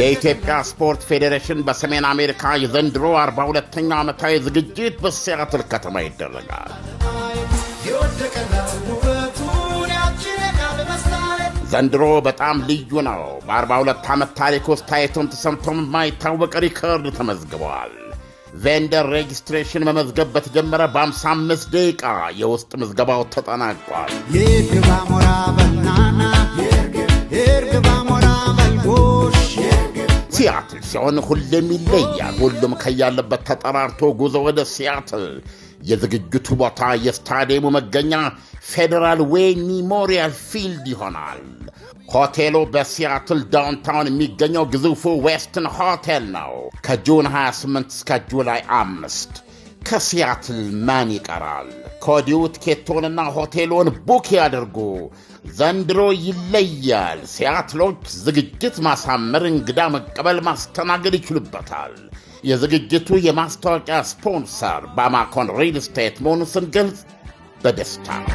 የኢትዮጵያ ስፖርት ፌዴሬሽን በሰሜን አሜሪካ የዘንድሮ 42ኛ ዓመታዊ ዝግጅት በሲያትል ከተማ ይደረጋል። ዘንድሮ በጣም ልዩ ነው። በ42 ዓመት ታሪክ ውስጥ ታይቶም ተሰምቶም የማይታወቅ ሪከርድ ተመዝግበዋል። ቬንደር ሬጅስትሬሽን መመዝገብ በተጀመረ በ55 ደቂቃ የውስጥ ምዝገባው ተጠናቋል። ሲያትል ሲሆን ሁሌም ይለያል። ሁሉም ከያለበት ተጠራርቶ ጉዞ ወደ ሲያትል። የዝግጅቱ ቦታ የስታዲየሙ መገኛ ፌዴራል ዌይ ሚሞሪያል ፊልድ ይሆናል። ሆቴሉ በሲያትል ዳውንታውን የሚገኘው ግዙፉ ዌስትን ሆቴል ነው። ከጁን 28 እስከ ጁላይ አምስት ከሲያትል ማን ይቀራል? ከወዲሁ ትኬቶንና ሆቴሎን ቡክ ያድርጉ። ዘንድሮ ይለያል። ሲያትሎች ዝግጅት ማሳመር፣ እንግዳ መቀበል፣ ማስተናገድ ይችሉበታል። የዝግጅቱ የማስታወቂያ ስፖንሰር ባማኮን ሪል ስቴት መሆኑ ስንገልጽ በደስታ ነው።